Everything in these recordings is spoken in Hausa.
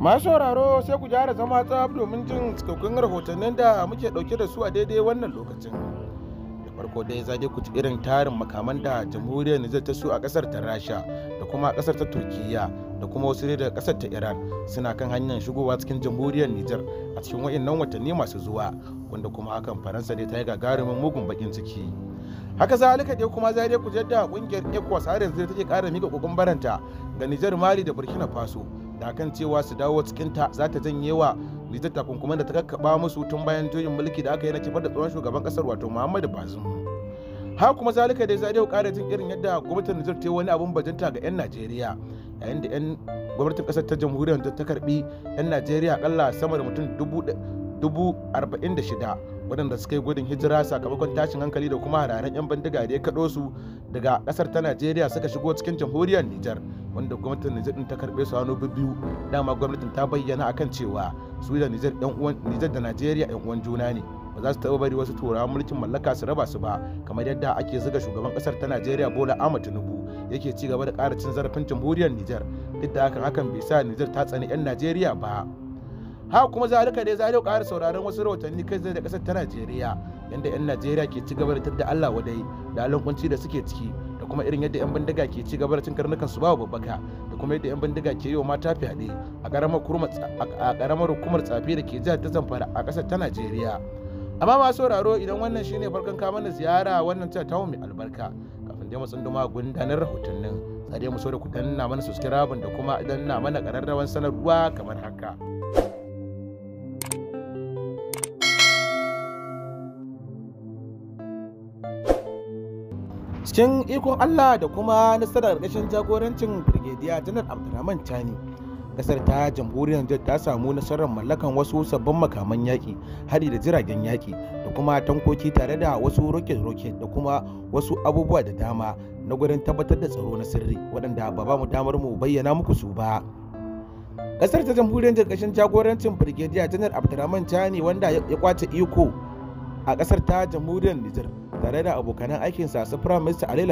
masu sauraro sai ku gyara zama tsab domin jin cikakkun rahotannin da muke dauke da su a daidai wannan lokacin da farko dai zaje ku ci irin tarin makaman da jamhuriyar nijar ta su a kasar ta rasha da kuma a kasar ta turkiyya da kuma wasu daga kasar ta iran suna kan hanyar shigowa cikin jamhuriyar nijar a cikin wa'annan watanni masu zuwa wanda kuma hakan faransa ne ta yi gagarumin mugun bakin ciki haka zalika dai kuma zai ku jadda kungiyar ecowas har yanzu take kara mika kokon baranta ga nijar mali da burkina faso da kan cewa su dawo cikinta za ta janye wa litar takunkuman da ta kakkaba musu tun bayan juyin mulki da aka yi na kifar da tsohon shugaban kasar wato muhammadu bazum ha kuma zalika dai zai kara jin irin yadda gwamnatin nijar ta wani abun bajinta ga 'yan najeriya yayin da 'yan gwamnatin kasar ta jamhuriyar ta karbi 'yan najeriya akalla sama da mutum dubu arba'in da shida waɗanda suka yi gudun hijira sakamakon tashin hankali da kuma hararen 'yan bindiga da ya kaɗo su daga ƙasar ta najeriya suka shigo cikin jamhuriyar nijar wanda gwamnatin Nijar din ta karbe su hannu biyu dama gwamnatin ta bayyana akan cewa su da Nijar ɗan uwan Nijar da Najeriya ɗan uwan juna ne ba za su taɓa bari wasu turawa mulkin mallaka su raba su ba kamar yadda ake zuga shugaban ƙasar ta Najeriya Bola Ahmed Tinubu yake ci gaba da ƙara cin zarafin jamhuriyar Nijar duk da hakan hakan bai sa Nijar ta tsani 'yan Najeriya ba. ha kuma za ne dai a ƙara sauraron wasu rawatanni kai zai da ƙasar ta Najeriya yadda 'yan Najeriya ke ci gaba da tadda Allah wadai da alankunci da suke ciki kuma irin yadda 'yan bindiga ke ci gaba da cin karnukan su babu babbaka da kuma yadda 'yan bindiga ke yi wa mata fyaɗe a ƙaramar hukumar tsafi da ke jihar ta zamfara a ƙasar ta najeriya amma masu sauraro idan wannan shine farkon kama na ziyara wannan ta tawo mai albarka kafin dai mu tsunduma gundanar rahotannin sare dai mu so da ku danna mana subscribe da kuma danna mana ƙararrawan sanarwa kamar haka. cikin ikon Allah da kuma nasarar ƙarshen jagorancin Birgediya Janar Abdulrahman Tani. Kasar ta jamhuriyar Nijar ta samu nasarar mallakan wasu sabbin makaman yaƙi, hari da jiragen yaƙi da kuma tankoki tare da wasu roket-roket da kuma wasu abubuwa da dama na gurin tabbatar da tsaro na sirri waɗanda ba ba mu damar mu bayyana muku su ba. Kasar ta jamhuriyar ƙarshen jagorancin Birgediya Janar Abdulrahman Tani wanda ya kwace iko a kasar ta jamhuriyar Nijar tare da abokanan aikinsa su prime minister ali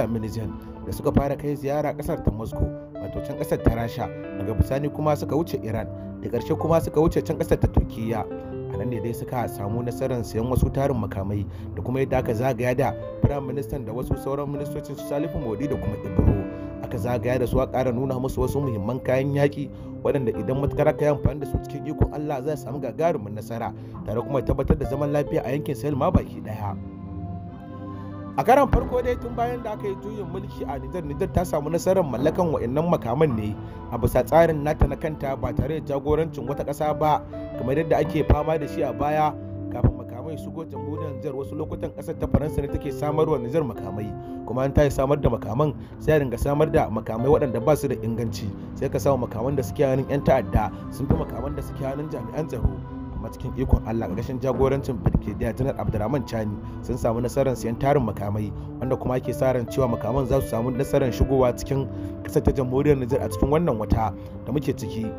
da suka fara kai ziyara kasar ta moscow wato can kasar ta rasha daga bisani kuma suka wuce iran da karshe kuma suka wuce can kasar ta turkiyya a nan ne dai suka samu nasarar sayan wasu tarin makamai da kuma yadda aka zagaya da firayim da wasu sauran ministocin su salifu modi da kuma ibro aka zagaya da su a ƙara nuna musu wasu muhimman kayan yaki waɗanda idan matukar aka yi amfani da su cikin ikon allah za samu gagarumin nasara tare kuma tabbatar da zaman lafiya a yankin sahel ma baki ɗaya. a karan farko dai tun bayan da aka yi juyin mulki a nijar nijar ta samu nasarar mallakan wa'annan makaman ne a bisa tsarin nata na kanta ba tare da jagorancin wata ƙasa ba kamar yadda ake fama da shi a baya kafin makamai shigo jamhuriyar nijar wasu lokutan ƙasar ta faransa ne take samarwa nijar makamai kuma an yi samar da makaman sai a dinga samar da makamai waɗanda ba su da inganci sai ka samu makaman da suke hannun 'yan ta'adda sun fi makaman da suke hannun jami'an tsaro amma cikin ikon Allah gashin jagorancin Brigadier General Abdulrahman Chani sun samu nasarar siyan tarin makamai wanda kuma ake sa ran cewa makaman za su samu nasarar shigowa cikin kasar ta jamhuriyar Nijar a cikin wannan wata da muke ciki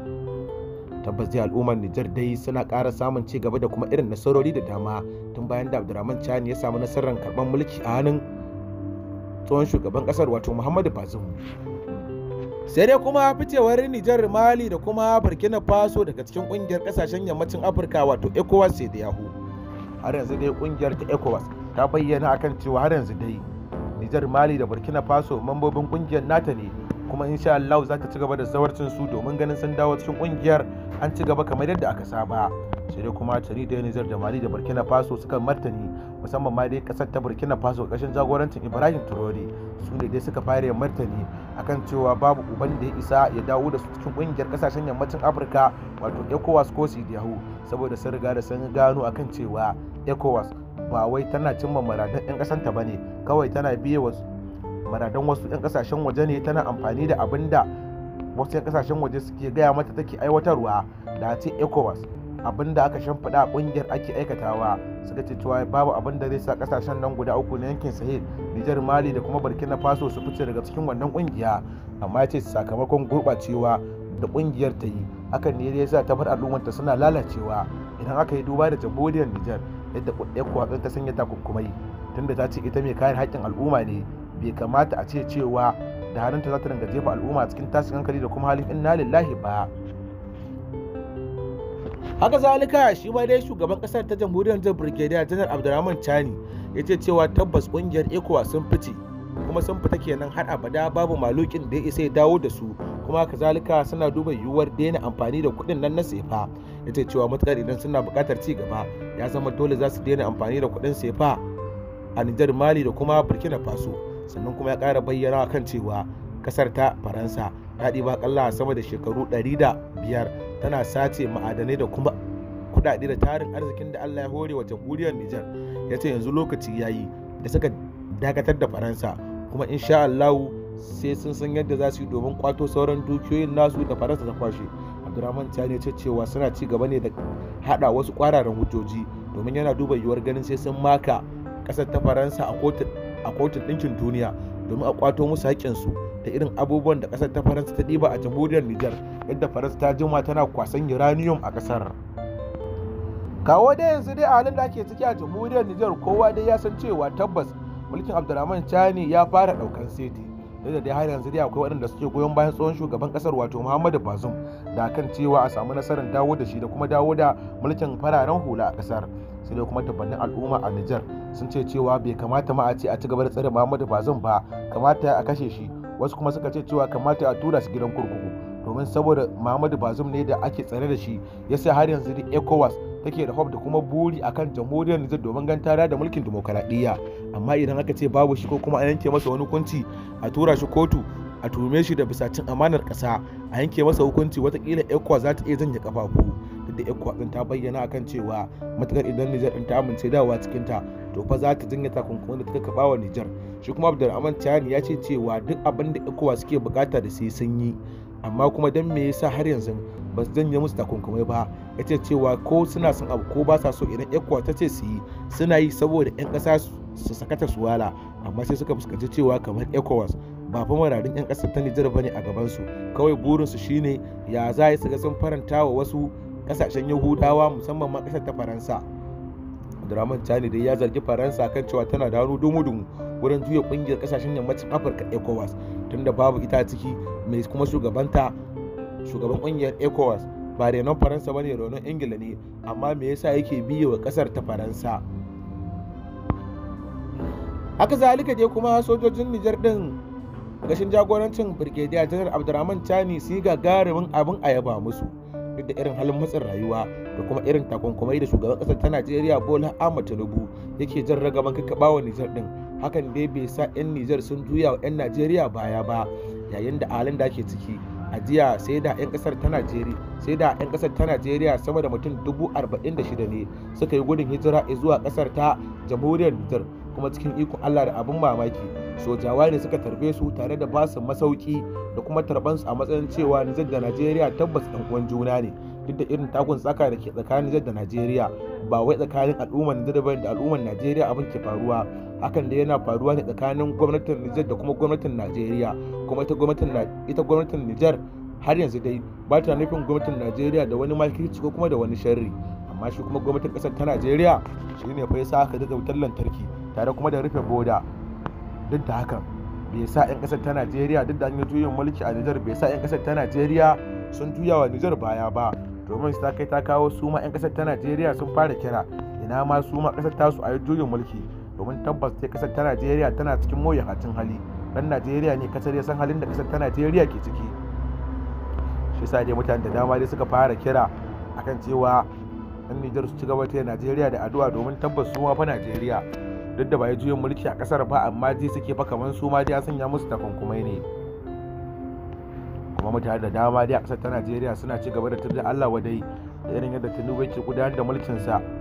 tabbas dai al'ummar Nijar dai suna ƙara samun ci gaba da kuma irin nasarori da dama tun bayan da Abdulrahman Chani ya samu nasarar karɓar mulki a hannun tsohon shugaban ƙasar wato Muhammadu Bazoum sai dai kuma fitewar nijar mali da kuma burkina faso daga cikin kungiyar kasashen yammacin afirka wato ecowas sai da yahu har yanzu dai kungiyar ta ecowas ta bayyana akan cewa har yanzu dai nijar mali da burkina faso mambobin kungiyar nata ne kuma insha Allah za ta ci gaba da zawarcin su domin ganin sun dawo cikin kungiyar an ci gaba kamar yadda aka saba sai dai kuma tuni da Nijar da Mali da Burkina Faso suka martani musamman ma dai kasar ta burkina faso ƙarshen jagorancin ibrahim turori su ne dai suka fara martani akan cewa babu uban da ya isa ya dawo da su cikin ƙungiyar ƙasashen yammacin afirka wato ecowas ko sidiyahu saboda sun riga da sun gano akan cewa ecowas ba wai tana cimma maradan 'yan ƙasanta ba ne kawai tana biye wasu maradan wasu 'yan ƙasashen waje ne tana amfani da abin da wasu 'yan ƙasashen waje suke gaya mata take aiwatarwa da ce ecowas abin da aka shimfiɗa ƙungiyar ake aikatawa suka ce cewa babu abin da zai sa kasashen nan guda uku na yankin sahel nijar mali da kuma burkina faso su fice daga cikin wannan kungiya amma ya ce sakamakon gurɓacewa da kungiyar ta yi hakan ne ya sa ta bar al'ummarta suna lalacewa idan aka yi duba da jamhuriyar nijar yadda kuɗaɗɗen kwatsun ta sanya takunkumai tunda ta ce ita mai kayan haƙƙin al'umma ne bai kamata a ce cewa da hannunta za ta dinga jefa al'umma cikin tashin hankali da kuma halin inna lillahi ba haka zalika shi ma dai shugaban kasar ta jamhuriyar jan brigadier janar abdurrahman chani ya ce cewa tabbas kungiyar ecowas sun fice kuma sun fita kenan har abada babu malukin da ya isa ya dawo da su kuma kazalika suna duba yiwuwar daina amfani da kuɗin nan na sefa ya ce cewa matukar idan suna bukatar ci gaba ya zama dole za su daina amfani da kuɗin sefa a nijar mali da kuma burkina faso sannan kuma ya kara bayyana kan cewa kasar ta faransa ta ɗiba kalla sama da shekaru ɗari da biyar tana sace ma'adanai da kuma kudade da tarin arzikin da Allah ya hore wa jamhuriyar Nijar ya ce yanzu lokaci ya yi da suka dakatar da Faransa kuma insha Allah sai sun san yadda za su yi domin kwato sauran dukiyoyin nasu da Faransa ta kwashe Abdurrahman Tani ya ce cewa suna ci gaba ne da hada wasu kwararan hujjoji domin yana duba yiwuwar ganin sai sun maka kasar ta Faransa a kotun ɗinkin duniya domin a kwato musu haƙƙinsu su da irin abubuwan da kasar ta faransa ta ɗiba a jamhuriyar nijar yadda faransa ta jima tana kwasan uranium a kasar. kawo dai yanzu dai a halin da ake ciki a jamhuriyar nijar kowa dai ya san cewa tabbas mulkin abdulrahman chani ya fara daukan seti da dai har yanzu dai akwai waɗanda suke goyon bayan tsohon shugaban kasar wato muhammadu bazum da kan cewa a samu nasarar dawo da shi da kuma dawo da mulkin fararen hula a kasar sai dai kuma tabbannin al'umma a nijar sun ce cewa bai kamata ma a ce a ci gaba da tsare muhammadu bazum ba kamata a kashe shi wasu kuma suka ce cewa kamata a tura su gidan kurkuku domin saboda muhammadu bazum ne da ake tsare da shi ya sa har yanzu ecowas take da da kuma buri akan jamhuriyar Nijar domin gan tara da mulkin demokaradiyya amma idan aka ce babu shi ko kuma an yanke masa wani kunci a tura shi kotu a tuhume shi da bisa cin amanar ƙasa a yanke masa hukunci watakila ekwa za ta iya janye kafafu da ekwa din ta bayyana akan cewa matakar idan nijar din ta amince dawa cikin ta to fa za ta janye takunkumin da ta kaba wa nijar shi kuma abdulrahman tani ya ce cewa duk abin da ekwa suke bukata da sai sun yi amma kuma dan me yasa har yanzu ba su janye musu takunkumai ba ya ce cewa ko suna son abu ko ba sa so idan ekwa ta ce su yi suna yi saboda 'yan kasa su sakata su wala amma sai suka fuskanci cewa kamar ecowas ba fa mararin 'yan kasar ta Nijar ba ne a gabansu kawai burinsu shine ya za su ga sun faranta wa wasu kasashen Yahudawa musamman ma kasar ta Faransa. Abdurrahman Chani dai ya zargi Faransa kan cewa tana da hannu dumu-dumu wurin juya kungiyar kasashen yammacin Afirka ECOWAS tunda babu ita ciki mai kuma shugabanta shugaban kungiyar ECOWAS ba renon Faransa bane renon Ingila ne amma me yasa yake biye wa kasar ta Faransa. Haka zalika dai kuma sojojin Nijar din rashin jagorancin Birgediya Janar Abdurrahman Chani su yi gagarumin abin a yaba musu duk da irin halin matsin rayuwa da kuma irin takunkumai da shugaban ƙasar ta Najeriya Bola Ahmed Tinubu yake jan kakkaba wa Nijar din hakan dai bai sa 'yan Nijar sun juya wa 'yan Najeriya baya ba yayin da halin da ake ciki a jiya sai da 'yan kasar ta Najeriya sai da 'yan ƙasar ta Najeriya sama da mutum ne suka yi gudun hijira zuwa kasar ta jamhuriyar Nijar kuma cikin iko Allah da abin mamaki sojawa ne suka tarbe su tare da basu masauki da kuma tarban su a matsayin cewa Nijar da Najeriya tabbas ɗan uwan juna ne duk da irin takun tsaka da ke tsakanin Nijar da Najeriya ba wai tsakanin al'ummar Nijar ba da al'ummar Najeriya abin ke faruwa hakan da yana faruwa ne tsakanin gwamnatin Nijar da kuma gwamnatin Najeriya kuma ita gwamnatin ita gwamnatin Nijar har yanzu dai ba ta nufin gwamnatin Najeriya da wani makirci ko kuma da wani sharri amma shi kuma gwamnatin kasar ta Najeriya ne fa yasa sa ka wutar lantarki tare kuma da rufe boda duk da hakan bai sa 'yan kasar ta najeriya duk da an yi juyin mulki a nijar bai sa 'yan kasar ta najeriya sun juya wa nijar baya ba domin su ta kai ta kawo su ma 'yan kasar ta najeriya sun fara kira ina ma su ma kasar su a yi juyin mulki domin tabbas sai kasar ta najeriya tana cikin hatin hali dan najeriya ne kasar ya san halin da kasar ta najeriya ke ciki shi sa dai mutane da dama dai suka fara kira akan cewa 'yan nijar su ci gaba ta najeriya da addu'a domin tabbas su ma fa najeriya duk da ba ya juyin mulki a kasar ba amma ji suke ba kamar su ma dai an sanya musu takunkumai ne kuma mutane da dama dai a kasar ta najeriya suna ci gaba da turda allah wadai da irin yadda tinubu ke gudanar da mulkin sa.